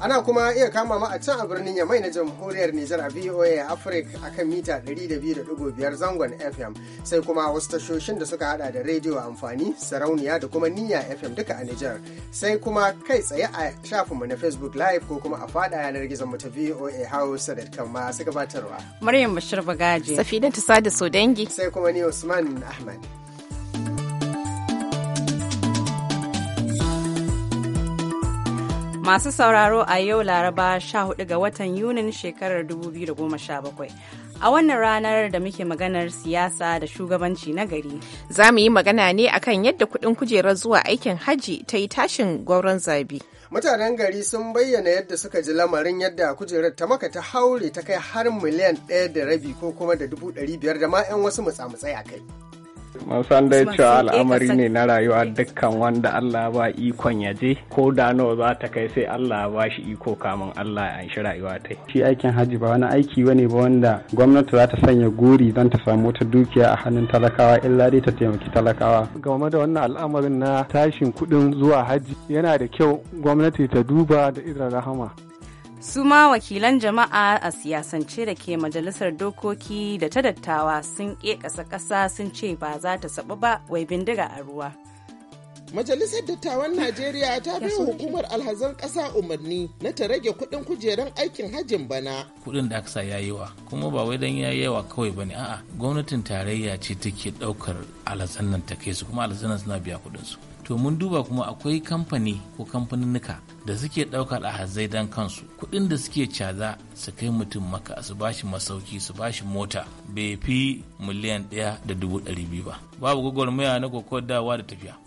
Ana kuma iya kama ma a can a birnin Yamai na jamhuriyar Nijar a VOA Africa a kan mita 200.5 zangon FM sai kuma wasu tashoshin da suka hada da rediyo amfani sarauniya da kuma niyya FM duka a Nijar sai kuma kai tsaye a shafinmu na Facebook Live ko kuma a fada yanar gizon mu ta VOA Hausa da kan ma su gabatarwa. Maryam Bashir Bagaji. sada so dangi. Sai kuma ni Usman Ahmad. Masu sauraro a yau Laraba 14 ga watan Yunin shekarar 2017. A wannan ranar da muke maganar siyasa da shugabanci na gari. Za mu yi magana ne akan yadda kuɗin kujerar zuwa aikin hajji ta yi tashin gwauron zabi. Mutanen gari sun bayyana yadda suka ji lamarin yadda kujerar ta maka ta haure ta kai har miliyan ɗaya da rabi ko kuma da dubu ɗari biyar da ma 'yan wasu mutsa-mutsai a kai. mun da dai cewa al'amari ne na rayuwa dukkan wanda Allah ba ikon ya je ko da nawa za ta kai sai Allah ba shi iko kamun Allah ya anshi rayuwa ta shi aikin Hajji ba wani aiki bane ba wanda gwamnati za ta sanya guri don ta samu wata dukiya a hannun talakawa illa dai ta taimaki talakawa game da wannan al'amarin na tashin kuɗin zuwa Hajji yana da kyau gwamnati ta duba da idan rahama su ma wakilan jama'a a siyasance da ke majalisar dokoki da ta dattawa sun ƙeƙasa ƙasa sun ce ba za ta saɓa ba wai bindiga a ruwa Majalisar Dattawan Najeriya ta bi hukumar alhazan ƙasa umarni na ta rage kuɗin kujerar aikin hajjin bana. Kuɗin da aka sa ya wa kuma ba wai dan ya yi yawa kawai ba ne. a'a gwamnatin tarayya ce take ɗaukar alhazan nan ta kai su kuma alhazan suna biya kuɗin su. to mun duba kuma akwai kamfani ko kamfaninnika da suke ɗaukar hazai don kansu kuɗin da suke caza su kai mutum maka su bashi masauki su bashi mota bai fi miliyan ɗaya da dubu ɗari biyu ba babu gwagwarmaya na dawa da tafiya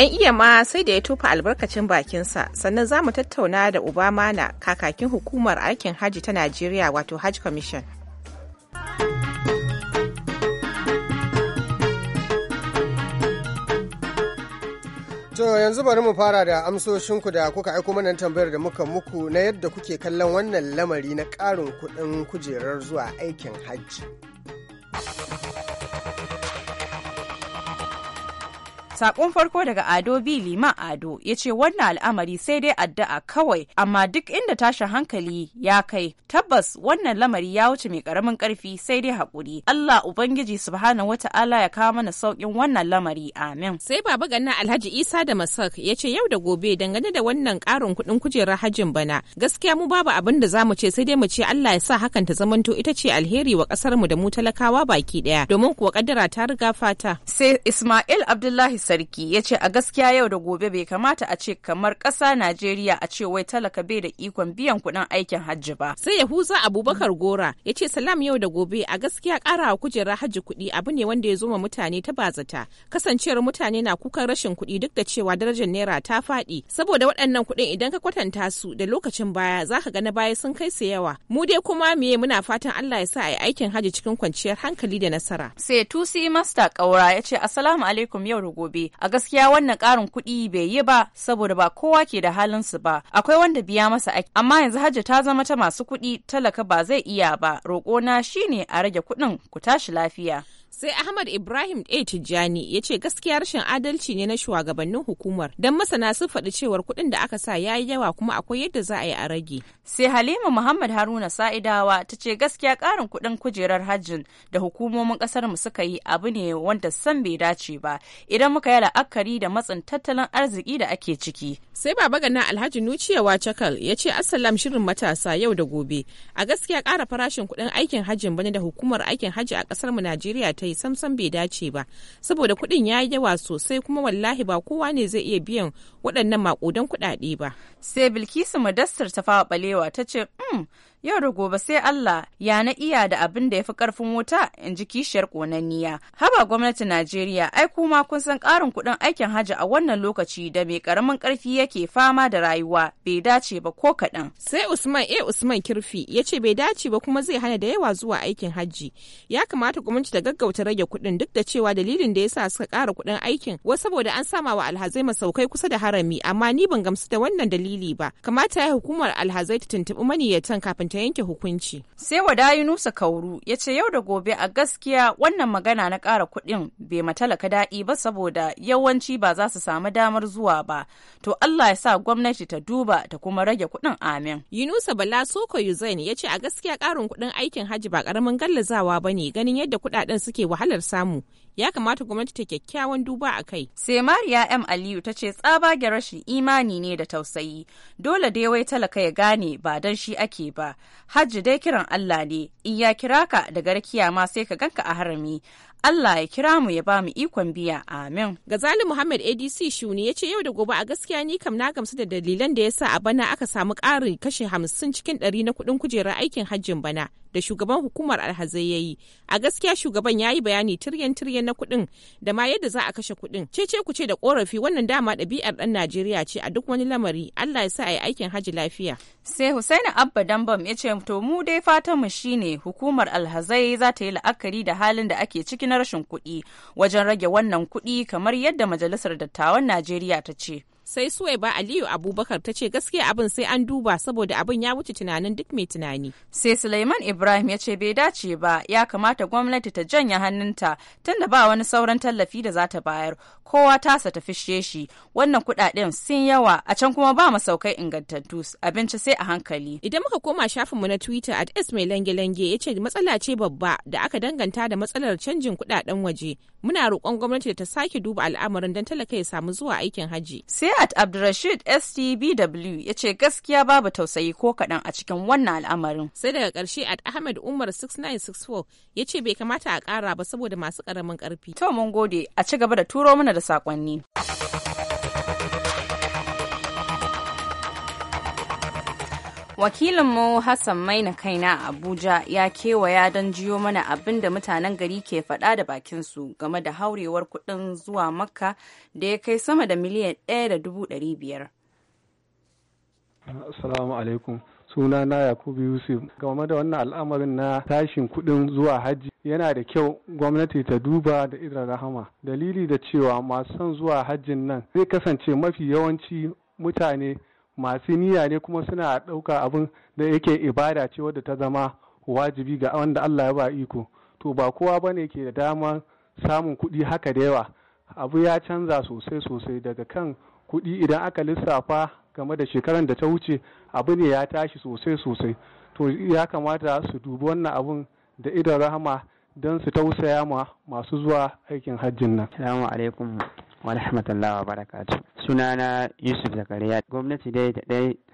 'Yan iya ma sai da ya tufa albarkacin bakinsa sannan za mu tattauna da Obama na kakakin hukumar aikin hajji ta Najeriya wato Hajj Commission. To yanzu bari mu fara da amsoshinku da kuka aiko mana tambayar da muka muku na yadda kuke kallon wannan lamari na ƙarin kuɗin kujerar zuwa aikin hajji. Sakon farko daga Ado B Liman Ado ya ce wannan al'amari sai dai addu'a kawai amma duk inda tashi hankali ya kai tabbas wannan lamari ya wuce mai karamin karfi sai dai hakuri Allah Ubangiji subhanahu wata'ala ya kawo mana saukin wannan lamari amin. Sai baba ganna Alhaji Isa da Masak ya ce yau da gobe dangane da wannan karin kuɗin kujerar hajjin bana gaskiya mu babu abin da zamu ce sai dai mu ce Allah ya sa hakan ta zamanto ita ce alheri wa ƙasar mu da mu talakawa baki daya domin kuwa kaddara ta riga fata. Sai Ismail Abdullahi sarki ya ce a gaskiya yau da gobe bai kamata a ce kamar ƙasa najeriya a ce wai talaka bai da ikon biyan kuɗin aikin hajji ba sai yahuza abubakar gora ya ce salam yau da gobe a gaskiya ƙara wa kujerar hajji kuɗi abu ne wanda ya zo ma mutane ta bazata kasancewar mutane na kukan rashin kuɗi duk da cewa darajar naira ta faɗi saboda waɗannan kuɗin idan ka kwatanta su da lokacin baya za ka ga na baya sun kai su yawa mu dai kuma meye muna fatan Allah ya sa a aikin hajji cikin kwanciyar hankali da nasara sai tusi master kaura ya ce assalamu alaikum yau da gobe gobe a gaskiya wannan ƙarin kuɗi bai yi ba saboda ba kowa ke da halin su ba akwai wanda biya masa aiki amma yanzu Hajja ta zama ta masu kuɗi talaka ba zai iya ba roƙona shine a rage kuɗin ku tashi lafiya sai ahmad ibrahim a tijjani ya ce gaskiya rashin adalci ne na shugabannin hukumar don masana sun faɗi cewar kuɗin da aka sa ya yi yawa kuma akwai yadda za a yi a rage sai halima muhammad haruna sa'idawa ta ce gaskiya ƙarin kuɗin kujerar hajjin da hukumomin ƙasar mu suka yi abu ne wanda san bai dace ba idan muka yi la'akari da matsin tattalin arziki da ake ciki sai baba gana alhaji nuciyawa cakal ya ce assalam shirin matasa yau da gobe a gaskiya ƙara farashin kuɗin aikin hajjin bane da hukumar aikin hajji a ƙasar mu najeriya ta yi samsam bai dace ba saboda kuɗin ya yi yawa sosai kuma wallahi ba kowa ne zai iya biyan waɗannan maƙudan kuɗaɗe ba sai bilkisu madassar ta fawa balewa ta ce hmm, yau da gobe sai Allah ya na iya da abin da ya fi karfin wuta in ji kishiyar konanniya. Haba gwamnatin Najeriya ai kuma kun san karin kuɗin aikin hajji a wannan lokaci da mai karamin karfi yake fama da rayuwa bai dace ba ko kaɗan. Sai Usman A eh, Usman Kirfi ya ce bai dace ba kuma zai hana da yawa zuwa aikin hajji. Ya kamata gwamnati ta gaggauta rage kuɗin duk da cewa dalilin da ya sa suka ƙara kuɗin aikin wa saboda an sama wa alhazai masaukai kusa da harami amma ni ban gamsu da wannan dalili ba. Kamata ya hukumar alhazai ta tuntuɓi maniyyatan kafin ta yanke hukunci. Sai wada Yunusa Kauru ya ce yau da gobe a gaskiya wannan magana na ƙara kuɗin bai matalaka daɗi ba saboda yawanci ba za su samu damar zuwa ba. To Allah ya sa gwamnati ta duba ta kuma rage kuɗin amin. Yunusa Bala Soko Yuzain ya ce a gaskiya ƙarin kuɗin aikin hajji ba ƙaramin gallazawa ba ne ganin yadda kuɗaɗen suke wahalar samu. ya kamata gwamnati ta kyakkyawan duba a kai. Sai Mariya M. Aliyu ta ce tsabage rashin imani ne da tausayi, dole dai wai talaka ya gane ba dan shi ake ba. Hajji dai kiran Allah ne, in ya kira ka daga rakiya ma sai ka ganka a harami. Allah ya kira mu ya ba mu ikon biya amin. Gazali Muhammad ADC Shuni ya ce yau da gobe a gaskiya ni kam na gamsu da dalilan da ya sa a bana aka samu ƙarin kashe hamsin cikin ɗari na kuɗin kujerar aikin hajjin bana da shugaban hukumar alhazai ya yi. A gaskiya shugaban ya yi bayani tiryan tiryan na kuɗin da ma yadda za a kashe kuɗin. Cece ku ce da ƙorafi wannan dama ɗabi'ar ɗan Najeriya ce a duk wani lamari Allah ya sa a yi aikin hajji lafiya. Sai hussaini Abba Dambam ya ce to mu dai fatan mu shine hukumar alhazai za ta yi la'akari da halin da ake cikin na rashin kuɗi wajen rage wannan kuɗi kamar yadda Majalisar Dattawan Najeriya ta ce. sai suwai ba aliyu abubakar ta ce gaskiya abin sai an duba saboda abin ya wuce tunanin duk mai tunani sai suleiman ibrahim ya ce bai dace ba ya kamata gwamnati ta janya hannunta tunda ba wani sauran tallafi da za ta bayar kowa tasa ta fishe shi wannan kudaden sun yawa a can kuma ba masaukai ingantattu abinci sai a hankali idan muka koma shafin mu na twitter at s mai lange-lange ya ce matsala ce babba da aka danganta da matsalar canjin kudaden waje muna roƙon gwamnati da ta sake duba al'amarin don talaka ya samu zuwa aikin hajji sai at abdurrashid stbw ya ce gaskiya babu tausayi ko kaɗan a cikin wannan al'amarin sai daga ƙarshe at ahmed umar 6964 ya ce bai kamata a ƙara ba saboda masu ƙaramin ƙarfi to mun gode a ci gaba da turo mana da da wakilin wakilinmu hassan maina kaina a abuja ya kewaya don jiyo mana abin da mutanen gari ke faɗa da bakinsu game da haurewar kuɗin zuwa makka da ya kai sama da miliyan 1500. da alaikum suna na yakubu yusuf game da wannan al'amarin na tashin kuɗin zuwa hajji yana da kyau gwamnati ta duba da idan rahama dalili da cewa masu son zuwa hajjin nan zai kasance mafi yawanci mutane masu niyya ne kuma suna ɗauka abin da yake ibada ce wadda ta zama wajibi ga wanda Allah ya ba iko to ba kowa ba ne ke da damar samun kuɗi haka da yawa abu ya canza sosai sosai daga kan kuɗi idan aka lissafa game da shekaran da ta wuce abu ne ya tashi sosai sosai to ya kamata su dubi wannan abun da idan rahama don su tausaya ma masu zuwa aikin hajjin nan. Salamu alaikum wa rahmatullahi wa barakatu. Sunana Yusuf Zakariya. Gwamnati dai ta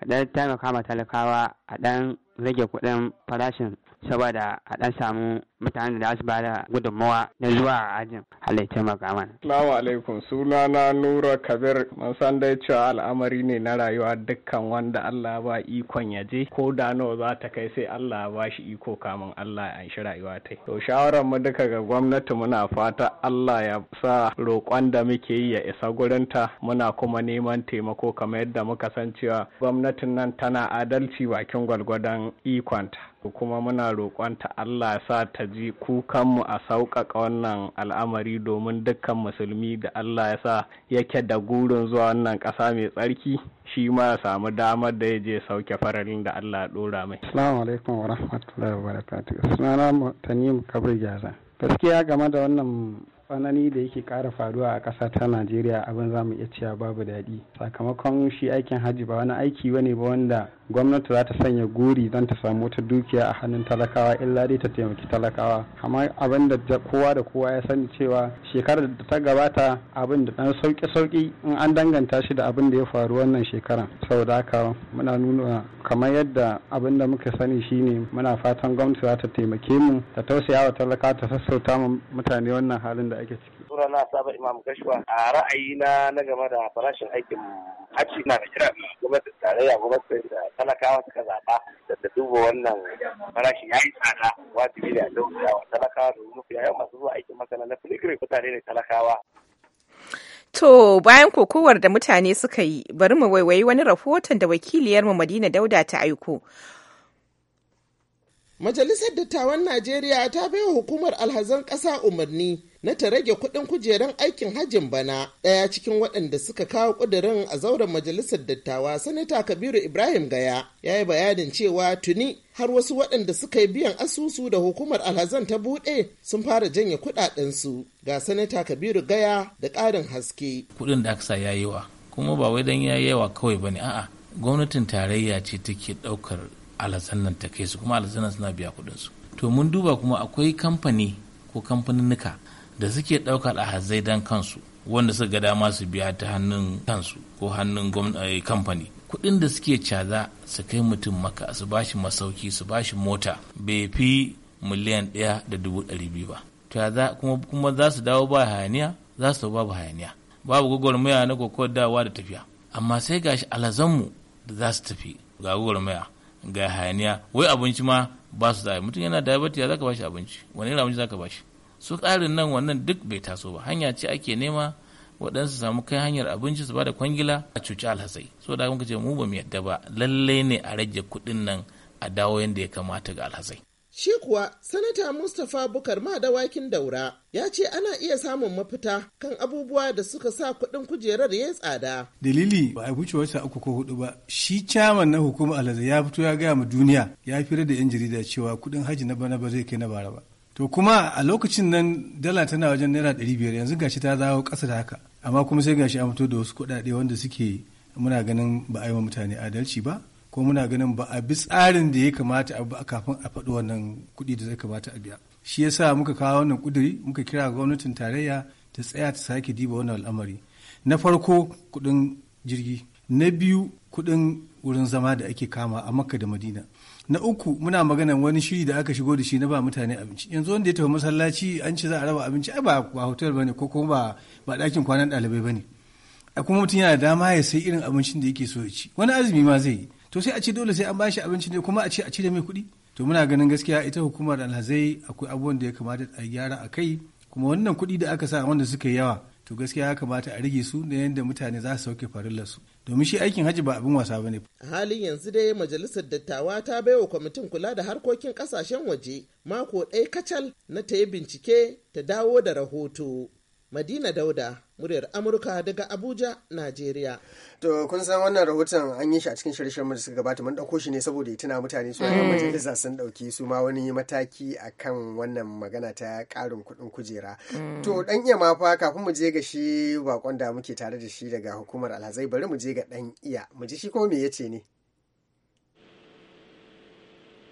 ɗan taimaka ma talakawa a ɗan rage kuɗin farashin saboda a ɗan samu mutanen da za su ba da gudunmawa na zuwa a ajin halittar makaman. Salamu alaikum suna na Nura Kabir mun san dai cewa al'amari ne na rayuwa dukkan wanda Allah ba ikon ya je ko da nawa za ta kai sai Allah ba shi iko kamun Allah ya shi rayuwa ta. To shawarar mu duka ga gwamnati muna fata Allah ya sa roƙon da muke yi ya isa gurinta muna kuma neman taimako kamar yadda muka san cewa gwamnatin nan tana adalci bakin gwalgwadon ikonta kuma muna roƙonta Allah sa ta ji kukanmu a sauƙaƙa wannan al'amari domin dukkan musulmi da Allah ya sa yake da gurin zuwa wannan ƙasa mai tsarki shi ma ya samu damar da ya je sauke fararin da Allah ya ɗora mai. Assalamu alaikum wa rahmatullahi wa barakatuhu. Sunana Tanimu Kabir Gyaza. Gaskiya game da wannan tsanani da yake ƙara faruwa a ƙasa ta najeriya abin za iya cewa babu daɗi sakamakon shi aikin hajji ba wani aiki bane ba wanda gwamnati za ta sanya guri don ta samu wata dukiya a hannun talakawa illa dai ta taimaki talakawa amma abin da kowa da kowa ya sani cewa shekarar da ta gabata abin da dan sauke sauki in an danganta shi da abin da ya faru wannan shekara saboda haka muna nuna kamar yadda abin da muka sani shine muna fatan gwamnati za ta taimake mu ta tausaya wa talakawa ta sassauta mutane wannan halin da ake ciki sunana na saba imam gashwa a ra'ayina na game da farashin aikin hajji na da kira gwamnatin tarayya gwamnatin da talakawa suka zaɓa da ta duba wannan farashin ya yi tsada wajibi da dauka wa talakawa da mafi yawan masu zuwa aikin makana na filigiri mutane ne talakawa. To bayan kokowar da mutane suka yi bari mu waiwayi wani rahoton da wakiliyarmu Madina Dauda ta aiko Majalisar Dattawan Najeriya ta baiwa hukumar alhazan ƙasa umarni na ta rage kuɗin kujeran aikin hajjin bana ɗaya cikin waɗanda suka kawo ƙudurin a zauren majalisar dattawa sanata kabiru ibrahim gaya ya yi bayanin cewa tuni har wasu waɗanda suka yi biyan asusu da hukumar alhazan ta buɗe sun fara janye kuɗaɗensu ga sanata kabiru gaya da ƙarin haske kuɗin da aka sa ya kuma ba wai dan ya yawa kawai bane a'a gwamnatin tarayya ce take ɗaukar alazannan ta kai su kuma alazannan suna biya kuɗinsu. su to mun duba kuma akwai kamfani ko kamfaninnika da suke ɗaukar alhazai dan kansu wanda suka ga dama su biya ta hannun kansu ko hannun eh, kamfani kuɗin da suke caza su kai mutum maka su bashi masauki su bashi mota bai fi miliyan ɗaya da dubu ɗari biyu ba caza kuma za su dawo ba hayaniya za su babu hayaniya babu gwagwarmaya na kokowar dawa da tafiya amma sai gashi alazanmu da za su tafi ga gwagwarmaya ga hayaniya wai abinci ma ba su da mutum yana diabetes ya zaka bashi abinci wani irin abinci zaka bashi su tsarin nan wannan duk bai taso ba hanya ce ake nema waɗansu samu kai hanyar abinci su bada kwangila a cuci alhazai so da muka ce mu ba mu yadda ba lallai ne a rage kuɗin nan a dawo yadda ya kamata ga alhazai Shi kuwa Sanata Mustapha Bukar Madawakin Daura ya ce ana iya samun mafita kan abubuwa da suka sa kuɗin kujerar ya tsada. Dalili ba a wuce wata uku ko hudu ba. Shi caman na hukumar alhaji ya fito ya gaya ma duniya ya fira da yan jarida cewa kuɗin haji na bana ba zai kai na bara ba. To kuma a lokacin nan dala tana wajen naira ɗari biyar yanzu gashi ta zawo ƙasa da haka. Amma kuma sai gashi a fito da wasu kuɗaɗe wanda suke muna ganin ba a yi wa mutane adalci ba. ko muna ganin ba a bi tsarin da ya kamata a ba kafin a faɗi wannan kuɗi da zai kamata a biya shi yasa muka kawo wannan kuduri muka kira gwamnatin tarayya ta tsaya ta sake diba wannan al'amari na farko kuɗin jirgi na biyu kuɗin wurin zama da ake kama a makka da madina na uku muna maganar wani shiri da aka shigo da shi na ba mutane abinci yanzu wanda ya tafi masallaci an ce za a raba abinci ai ba ba hotel bane ko kuma ba ba dakin kwanan ɗalibai bane a kuma mutum yana da dama ya sai irin abincin da yake so ya ci wani azumi ma zai yi to sai a ce dole sai an bashi abinci ne kuma a ce a cire mai kuɗi to muna ganin gaskiya ita hukumar alhazai akwai abubuwan da ya kamata a gyara a kai kuma wannan kuɗi da aka sa wanda suka yi yawa to gaskiya ya kamata a rage su da yadda mutane za su sauke su domin shi aikin hajji ba abin wasa ba ne. a halin yanzu dai majalisar dattawa ta baiwa kwamitin kula da harkokin kasashen waje mako ɗaya kacal na ta yi bincike ta dawo da rahoto madina dauda muryar amurka daga abuja najeriya to kun san wannan rahoton an yi shi a cikin shirye-shiryen da suka gabata mun dauko shi ne saboda ya tuna mutane su mm. majalisa sun dauki su ma wani mataki akan wannan magana ta karin kudin kujera mm. to dan iya ma fa kafin mu je ga shi bakon da muke tare da shi daga hukumar alhazai bari mu je ga dan iya mu ji shi ko me yace ne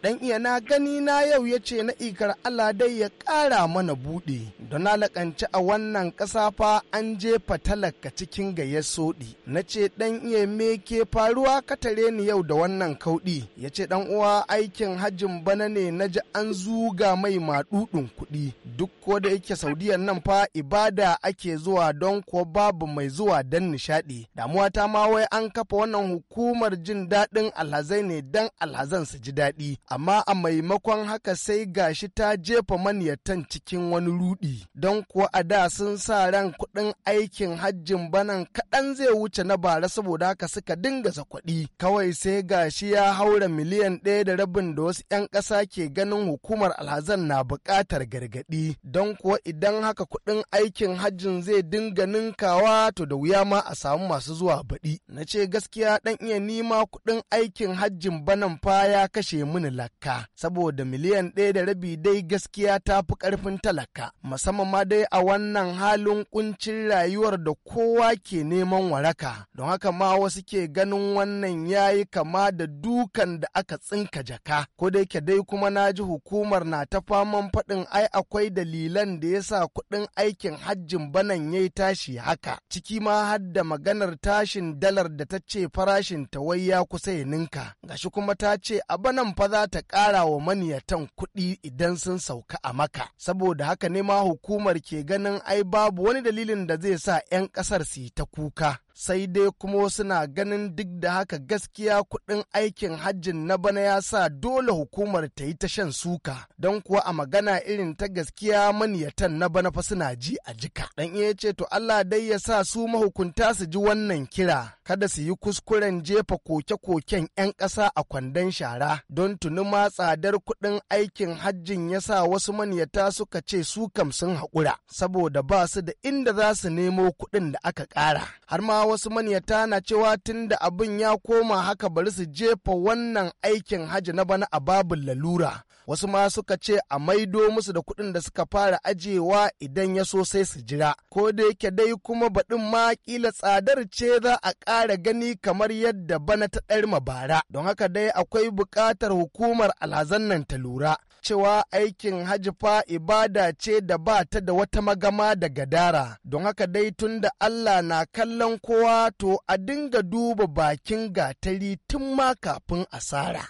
Dan iya na gani na yau ya ce na ikar Allah dai ya ƙara mana buɗe. Don na laƙanci a wannan ƙasa fa an jefa talaka cikin gaya soɗi. Na ce dan iya me ke faruwa ka tare ni yau da wannan kauɗi. Ya ce dan uwa aikin hajjin bana ne na ji an zuga mai maɗuɗin kuɗi. Duk ko da yake Saudiyan nan fa ibada ake zuwa don ko babu mai zuwa don nishaɗi. Damuwa ta ma wai an kafa wannan hukumar jin daɗin alhazai ne don alhazan su ji daɗi. amma a maimakon haka sai gashi ta jefa maniyatan cikin wani rudi don kuwa a da sun sa ran kuɗin aikin hajjin banan kaɗan zai wuce na bara saboda haka suka dinga zakwaɗi kawai sai gashi ya haura miliyan ɗaya da rabin da wasu 'yan ƙasa ke ganin hukumar alhazan na buƙatar gargaɗi don kuwa idan haka kuɗin aikin hajjin zai dinga ninkawa to da wuya ma a samu masu zuwa baɗi na ce gaskiya ɗan iya nima kuɗin aikin hajjin banan fa ya kashe mini talaka saboda miliyan ɗaya da rabi dai gaskiya ta fi ƙarfin talaka musamman ma dai a wannan halin kuncin rayuwar da kowa ke neman waraka don haka ma wasu ke ganin wannan yayi kama da dukan da aka tsinka jaka ko da yake dai kuma na ji hukumar na ta faman faɗin ai akwai dalilan da ya sa kuɗin aikin hajjin banan ya tashi haka ciki ma har da maganar tashin dalar da ta ce farashin ta wai ya kusa ya ninka gashi kuma ta ce a banan fa za za ta ƙara wa maniyatan kuɗi idan sun sauka a maka saboda haka ne ma hukumar ke ganin ai babu wani dalilin da zai sa 'yan ƙasar su yi ta kuka sai dai kuma suna ganin duk da haka gaskiya kuɗin aikin hajjin na bana ya sa dole hukumar ta yi ta shan suka don kuwa a magana irin ta gaskiya maniyatan na bana fa suna ji a jika dan iya ce to Allah dai ya sa su mahukunta su ji wannan kira kada su yi kuskuren jefa koke-koken 'yan ƙasa a kwandon shara don tuni ma tsadar kuɗin aikin hajjin ya sa wasu maniyata suka ce su kam sun haƙura saboda ba su da inda za su nemo kuɗin da aka ƙara har ma wasu maniyata na cewa tun da abin ya koma haka bari su jefa wannan aikin hajji na bana a babin lalura wasu ma suka ce a maido musu da kuɗin da suka fara ajiyewa idan ya so sai su jira ko da yake dai kuma baɗin ma kila tsadar ce za a ƙara gani kamar yadda bana ta ɗarma bara don haka dai akwai buƙatar hukumar alhazan nan ta lura cewa aikin Hajifa ibada ce da ba ta da wata magama da gadara don haka dai tun da Allah na kallon kowa to a dinga duba bakin gatari tun ma kafin asara.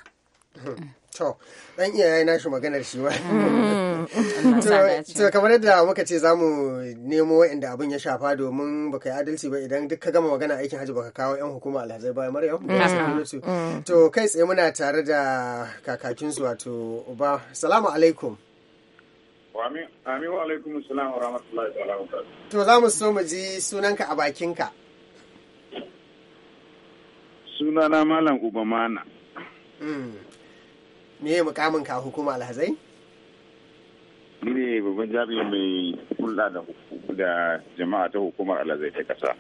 Hmm. To, ɗan iyaye na shi maganar shi mm. To, kamar yadda muka ce za mu nemo waɗanda abin ya shafa domin baka yi adalci ba idan duk ka gama magana aikin hajji baka kawo 'yan hukuma alhazai ba Maryam. Mm. Mm. To, kai tsaye muna tare da su wato uba. Salamu alaikum. Amin wa alaikum salam wa rahmatullahi wa To, za mu so mu ji sunanka a bakinka. Sunana Malam Ubamana. me ya mukamin ka hukuma alhazai ni ne babban jami'i mai hulɗa da da jama'a ta hukumar alhazai ta kasa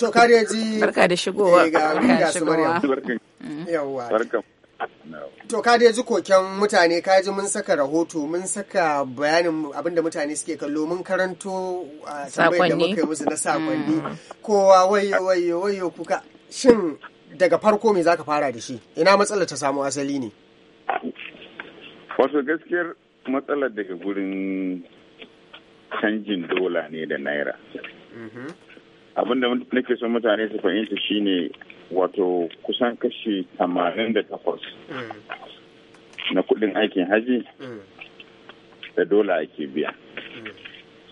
to kare ji barka da shigowa eh, ga shigowa barka mm. To ka dai ji koken mutane ka ji mun saka rahoto mun saka bayanin abinda mutane suke kallo mun karanto a tambayar da muka yi musu na sakonni mm. kowa wayo wayo wayo kuka shin daga farko me zaka fara da shi ina matsalar ta samu asali ne wasu gaskiyar matsalar daga gurin canjin dola ne da naira mm-hmm. abinda nake son mutane su fahimta shine wato kusan kashi 88 mm. na kudin aikin haji mm. da dola ake biya mm.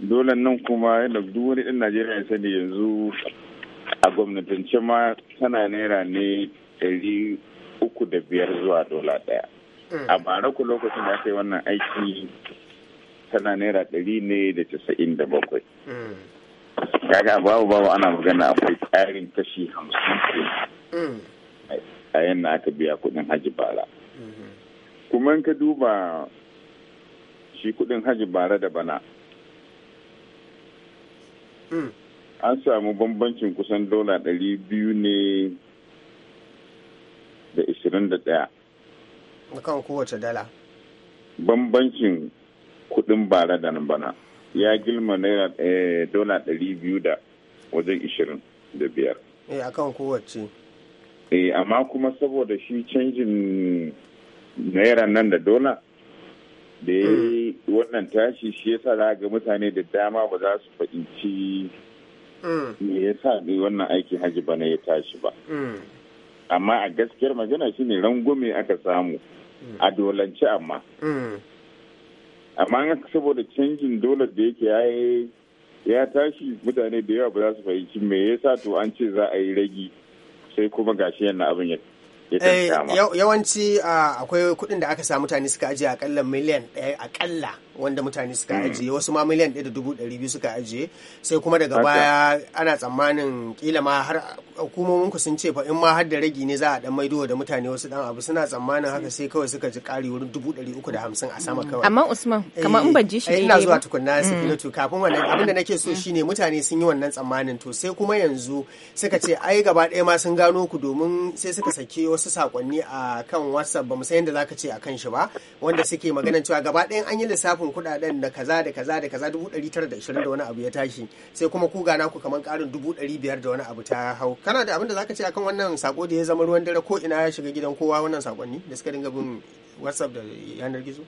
dolan nan kuma yana duk wani ɗan najeriya ya sani yanzu a gwamnatance ma tana naira ne ɗari uku da biyar zuwa dola ɗaya Mm. a bara ku lokacin da aka yi wannan aiki tana naira ɗari ne da casa'in da bakwai mm. kaga babu babu ana magana akwai tsarin kashi hamsin ke mm. a yana aka biya kuɗin haji bara mm-hmm. kuma in ka duba shi kuɗin haji bara da bana an samu bambancin kusan dola ɗari biyu ne da ishirin da ɗaya kan kowace dala bambancin kuɗin bara da nan bana ya gilma naira eh, dola ɗari biyu da wajen ishirin da biyar eh, a kan kowace E amma kuma saboda shi canjin naira nan da dola da ya hmm. yi wannan tashi shi ya sa ga mutane da dama ba za su fahimci hmm. me ya sa wannan aikin haji bana ya tashi ba hmm. amma a gaskiyar magana shine rangume aka samu a dolance amma mm. amma saboda canjin dolar da yake ya tashi mutane da yawa ba za su fahimci me yasa to an ce za a yi ragi sai kuma gashi yana abin ya eh, yawanci ah, akwai kuɗin da aka sa mutane suka ajiye akalla miliyan ɗaya akalla wanda mutane suka hmm. ajiye wasu ma miliyan ɗaya da dubu ɗari biyu suka ajiye sai kuma daga baya ana tsammanin kila ma har hukumomin ku sun ce fa in ma har da ragi ne za a dan maido da mutane wasu dan abu suna tsammanin haka sai kawai suka ji ƙari wurin dubu ɗari uku da hamsin a sama kawai amma usman kamar in ban ji shi eh, ina zuwa tukunna hmm. su kafin wannan abin da nake so hmm. shine mutane sun yi wannan tsammanin to sai kuma yanzu suka ce ai gaba ɗaya ma sun gano ku domin sai suka sake wasu sakonni a kan whatsapp ba mu san yadda zaka ce a kan shi ba wanda suke magana cewa gaba ɗaya an yi lissafi lissafin kuɗaɗen da kaza da kaza da kaza dubu ɗari tara da ishirin da wani abu ya tashi sai kuma ku gana ku kamar ƙarin dubu ɗari biyar da wani abu ta hau kana da abin da zaka ce akan wannan sako da ya zama ruwan dare ko ina ya shiga gidan kowa wannan sakonni da suka dinga bin whatsapp da yanar gizo.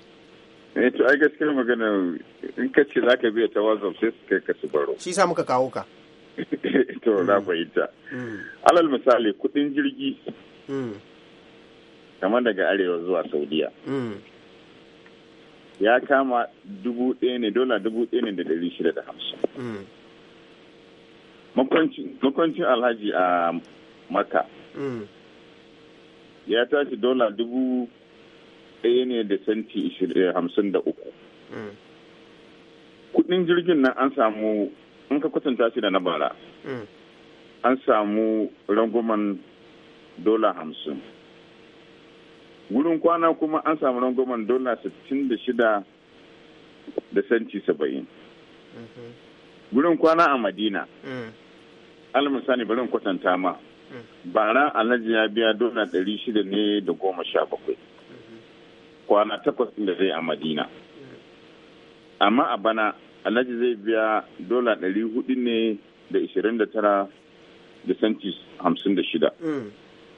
eh to ai gaskiya magana in ka ce zaka biya ta whatsapp sai su kai ka su baro. shi sa muka kawo ka. to na mm. fahimta. Mm. alal misali kuɗin jirgi. Mm. kamar daga arewa zuwa saudiya. ya kama dubu ɗaya ne dola dubu ɗaya ne da ɗari shida da hamsin mm. makwancin alhaji a maka mm. ya tashi dola dubu ɗaya ne da senti eh, hamsin da uku mm. kudin jirgin nan an samu in ka kwatanta shi da na bara an samu ranguman dola hamsin wurin kwana kuma an samu rangwamen dola 66 da senti 70 wurin kwana a madina alamisani barin kwatanta ma bara alhaji ya biya dola 600 ne da goma sha bakwai kwana takwas da zai a madina amma a bana alhaji zai biya dola 400 ne da 29 da senti 56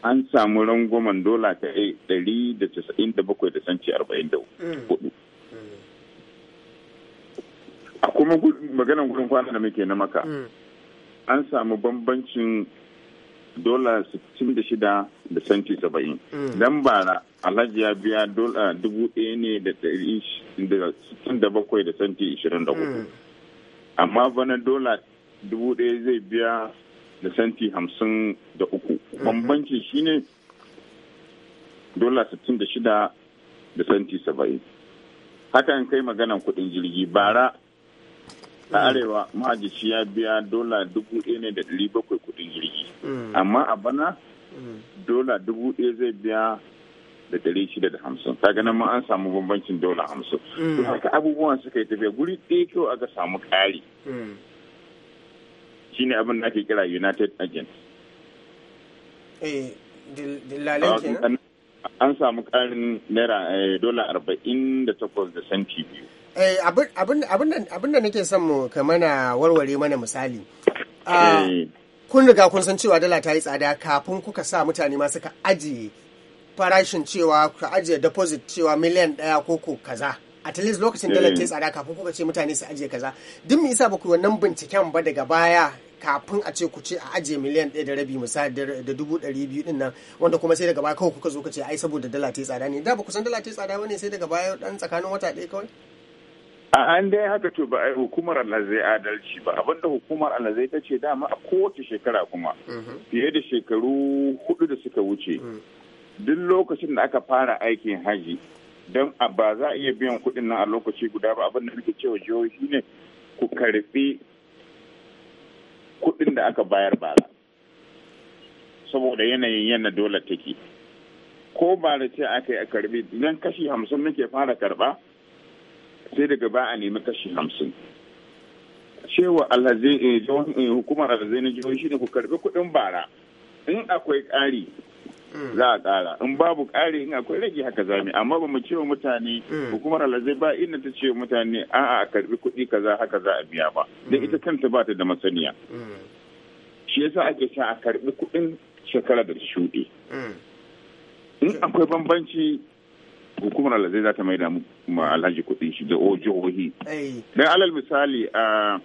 an samu rangwamen dola ta ɗari da casa'in da bakwai da sanci arba'in da hudu. A kuma maganan gudun kwana da muke na maka, an samu bambancin dola 66 da sanci da santi saba'in. Dan bara alhaji ya biya dola dubu ɗaya ne da ɗari sittin da bakwai da sanci ishirin da hudu. Mm. Amma bana dola dubu ɗaya zai biya da senti hamsin da uku bambancin shine dola sittin da shida da senti saba'in hakan kai maganan kudin jirgi bara a arewa shi ya biya dola dubu ɗaya ne da ɗari bakwai kudin jirgi amma a bana dola dubu ɗaya zai biya da ɗari shida da hamsin ta ganin ma an samu bambancin dola hamsin mm. haka abubuwan suka yi tafiya guri ɗaya kyau aka samu ƙari mm. shi ne abin da ake kira united agent eh ah, an samu karin naira eh, dola arba'in da takwas da senti biyu eh, abin da nake son mu ka mana warware mana misali ah, eh. kun riga kun san cewa dala ta yi tsada kafin kuka sa mutane ma suka ajiye farashin cewa ka ajiye deposit cewa miliyan ɗaya ko ko kaza at least lokacin dala ta yi tsada kafin kuka ce mutane su ajiye kaza duk me yasa ba ku wannan binciken ba daga baya kafin a ce ku ce a ajiye miliyan ɗaya da rabi misali da dubu ɗari biyu ɗin nan wanda kuma sai daga baya kawai kuka zo ka ce ai saboda dala ta tsada ne da ba ku san dala ta tsada ba ne sai daga baya ɗan tsakanin wata ɗaya kawai. a an dai haka to ba a hukumar zai adalci ba abinda hukumar zai ta ce dama a kowace shekara kuma mhm. fiye da shekaru hudu da suka wuce mhm. duk lokacin da aka fara aikin haji don ba za a iya biyan kuɗin nan a lokaci guda ba abinda nake cewa jihohi ne ku karbi kuɗin da aka bayar bara saboda yanayin yana dole take ko ba da ce aka yi a karbi idan kashi hamsin muke fara karba sai daga ba a nemi kashi hamsin cewa alhazi eh, eh, hukumar alhazi na jihohi ne ku karbi kuɗin bara in akwai ƙari za a ƙara in babu ƙari in akwai rage haka zami amma ba mu ce wa mutane mm. hukumar alazai ba inda ta cewa mutane a'a a karbi kuɗi kaza haka za a biya ba da mm. ita kanta ba ta da masaniya mm. shi yasa ake sa a karbi kuɗin shekara da shuɗe in akwai bambanci hukumar alazai za ta mai da alhaji kuɗin shi da jihohi dan alal misali a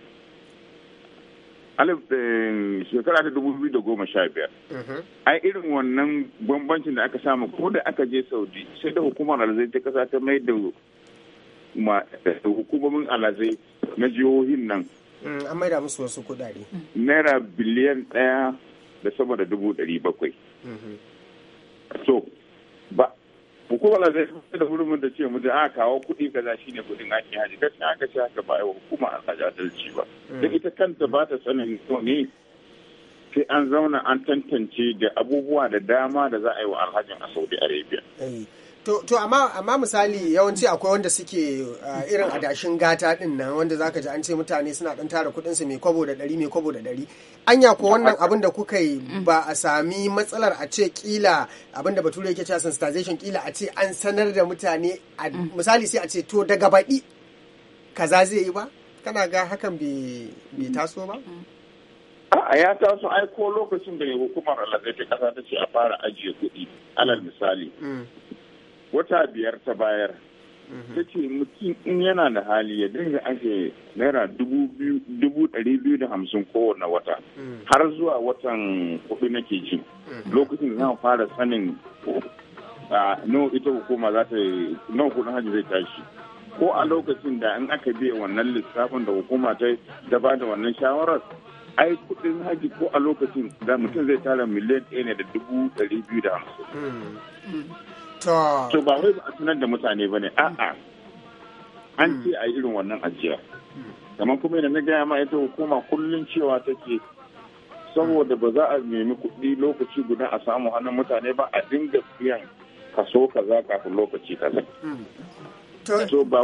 alif eh, shekara ta dubu biyu da goma sha biyar mhm. ai irin wannan bambancin da aka samu ko da aka je saudi sai da hukumar alazai ta kasa ta mai da eh, hukumomin alazai na jihohin nan mm, an mai da musu wasu kudade mm. naira biliyan daya da sama da dubu dari bakwai mhm. so ba hukuma zai fi da hurumin da ce mutum a kawo kuɗi kaza shi ne kuɗin ake haji gaskiya aka ce haka ba wa hukuma a kaji adalci ba da hmm. ita kanta ba ta sanin to ne sai an zauna an tantance da abubuwa da dama da za a yi wa alhajin a saudi arabia eh. To, to amma amma misali yawanci akwai wanda suke uh, irin adashin gata din nan wanda zaka ji an ce mutane suna dan tara kudin su mai kwabo da ɗari mai kwabo da ɗari anya ko wannan abin da kuka yi ba a sami matsalar a ce kila abin da bature yake cewa sensitization kila a ce an sanar da mutane misali sai a ce to daga baɗi kaza zai yi ba kana ga hakan bai taso ba a ya taso ai ko lokacin da hukumar alazai kasa ta ce a fara ajiye kuɗi alal misali mm. wata biyar ta bayar mhm. ta ce mutum in yana da hali ya dinga ake naira dubu ɗari biyu da hamsin kowane wata mhm. har zuwa watan kuɗi nake ji mhm. lokacin da zan fara sanin nawa ita hukuma za ta nawa kuɗin hajji zai tashi ko a lokacin da in aka biya wannan lissafin da hukuma ta da ba da wannan shawarar ai kudin haji ko a lokacin da mutum zai tara miliyan ɗaya ne da dubu ɗari biyu da hamsin To ba wai ba a sanar da mutane ba ne, 'a An hmm. ce a yi irin wannan ajiya. Kamar kuma yana gaya ma ita hukuma kullum cewa take saboda ba za a nemi kuɗi lokaci guda a samu hannun mutane ba a dinga biyan kaso kaza kafin lokaci kaza. Hmm.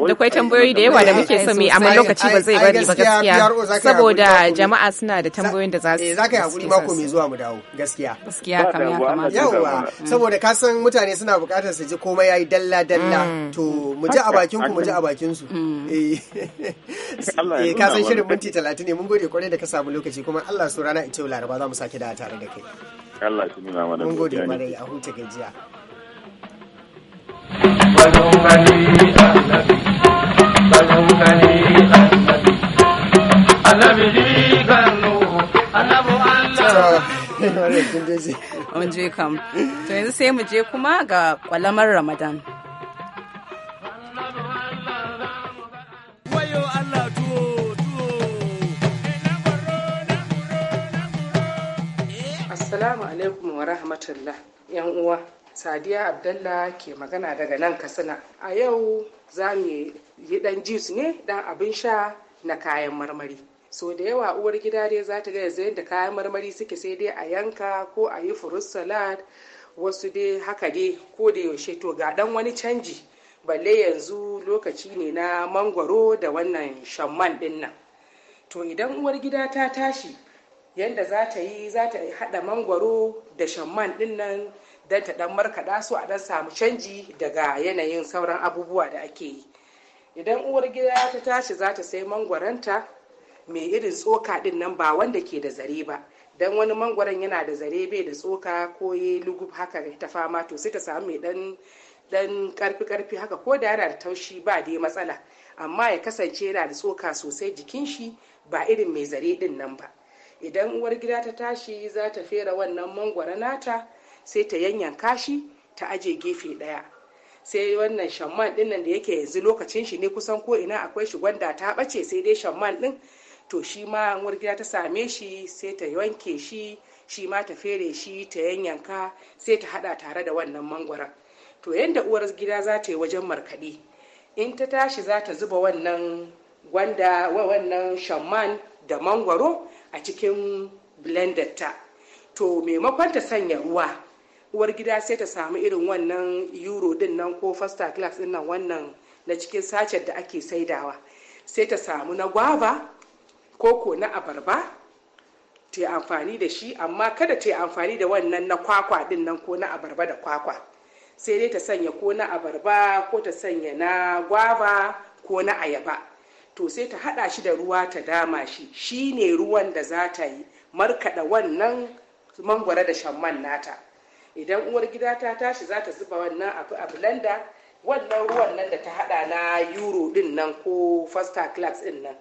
da kwai tambayoyi da yawa da muke so mai amma lokaci ba zai bari ba gaskiya saboda jama'a suna da tambayoyin da za su eh, za ka yi hakuri mako mai zuwa mu dawo gaskiya gaskiya kamar ya kamata yawa saboda ka san mutane suna bukatar su ji komai yayi dalla dalla mm. to mu ji a bakin ku mu ji a bakin su mm. eh, eh ka san shirin minti 30 ne mun gode kwarai da ka samu lokaci kuma Allah su rana ita laraba za mu sake da tare da kai Allah shi nuna mana mun gode kwarai a huta gajiya Ah, mun je kam to yanzu sai mu je kuma ga kwalamar ramadan Assalamu alaikum wa rahmatullah uwa Sadiya Abdalla ke magana daga nan Katsina. A yau za mu yi ɗan juice ne dan abin sha na kayan marmari. So da yawa uwar gida dai za ta gaya yadda kayan marmari suke sai dai a yanka ko a yi furut salad wasu dai haka dai ko da yaushe to ga ɗan wani canji balle yanzu lokaci ne na mangwaro da wannan shamman din nan. To idan uwar gida ta tashi yadda za ta yi za ta haɗa mangwaro da shamman din nan don ta dan markaɗa su a dan samu canji daga yanayin sauran abubuwa da ake yi idan uwar gida ta tashi za ta sai mangwaranta mai irin tsoka din nan ba wanda ke da zare ba dan wani mangwaron yana da zare bai da tsoka ko ya lugub haka ta fama to sai ta samu mai dan dan karfi karfi haka ko da yana da taushi ba dai matsala amma ya kasance yana da tsoka sosai jikin shi ba irin mai zare din nan ba idan uwar gida ta tashi za ta fera wannan mangwara nata sai ta yanyanka shi ta aje gefe daya sai wannan shamman din nan da yake yanzu lokacin shi ne kusan ko ina akwai shi gwanda ta bace sai dai shamman din to shi ma gida ta same shi sai ta wanke shi shi ma ta fere shi ta yanyanka sai ta hada tare da wannan mangwaron to yadda uwar gida za ta yi wajen markaɗe in ta tashi za ta zuba wannan gwanda wannan shamman da mangwaro a cikin blender ta to maimakon ta sanya ruwa uwar gida sai ta samu irin wannan euro din nan ko first class din nan wannan na cikin sacet da ake saidawa sai ta samu na gwaba koko na abarba ta yi amfani da shi amma kada ta yi amfani da wannan na kwakwa din nan ko na abarba da kwakwa sai dai ta sanya ko na abarba ko ta sanya na gwaba ko na ayaba to sai ta hada shi da ruwa ta dama shi shi ne ruwan da za ta yi markaɗa wannan mangwara da shamman nata idan uwar gida ta tashi za ta zuba wannan abu a blender wannan ruwan nan da ta hada na euro din nan ko first class din nan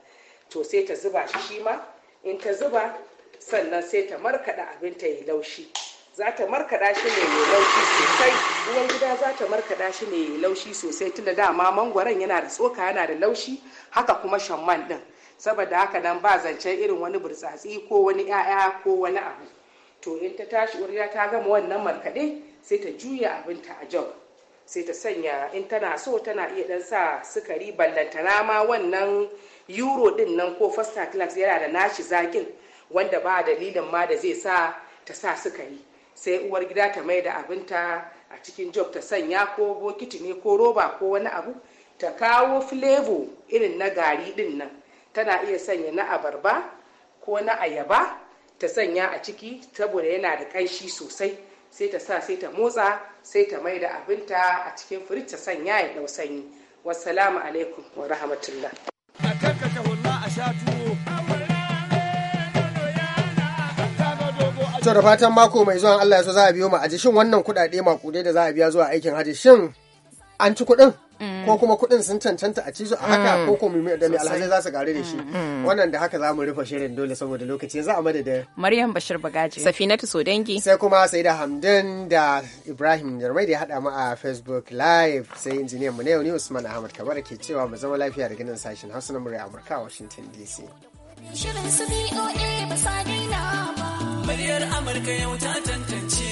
to sai ta zuba shi shi ma in ta zuba sannan sai ta markada abin ta yi laushi za ta markada shi ne mai laushi sosai uwar gida za ta markada shi ne mai laushi sosai tunda dama mangwaron yana da tsoka yana da laushi haka kuma shamman din saboda haka nan ba zancen irin wani burtsatsi ko wani 'ya'ya ko wani abu to in ta tashi uwargida ta gama wannan markaɗe sai ta juya abinta a jog sai ta sanya in tana so tana iya dan sa sukari ballantana ma wannan euro din nan ko first class yana da nashi zakin wanda ba dalilin ma da zai sa ta sa sukari sai uwar gida ta mai da abinta a cikin job ta sanya ko bokiti ne ko roba ko wani abu ta kawo flavor irin na gari din nan tana iya sanya na abarba ko na ayaba ta sanya a ciki saboda yana da ƙanshi sosai sai ta sa sai ta motsa sai ta mai da abinta a cikin firij ta sanya ya dau sanyi wassalamu alaikum wa rahmatullah a to da fatan mako mai zuwan Allah ya so za a biyo mu a jishin wannan kuɗaɗe makudai da za a biya zuwa aikin hajji shin an ci kuɗin mm. ko kuma kuɗin sun cancanta a cizo a haka mm. ko ko da mai alhaji za su gare da shi mm. wannan da haka za mu rufe shirin dole saboda lokaci za a da maryam bashir bagaji safinatu sodangi sai kuma sai da da ibrahim jarmai da ya hada mu a facebook live sai injiniyan mu na yau usman ahmad kabar ke cewa mu zama lafiya da ganin sashen hausa na murya amurka a washington dc Shirin su BOA ba sa ba. Amurka yau ta tantance.